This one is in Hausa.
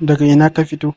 Daga ina ka fito?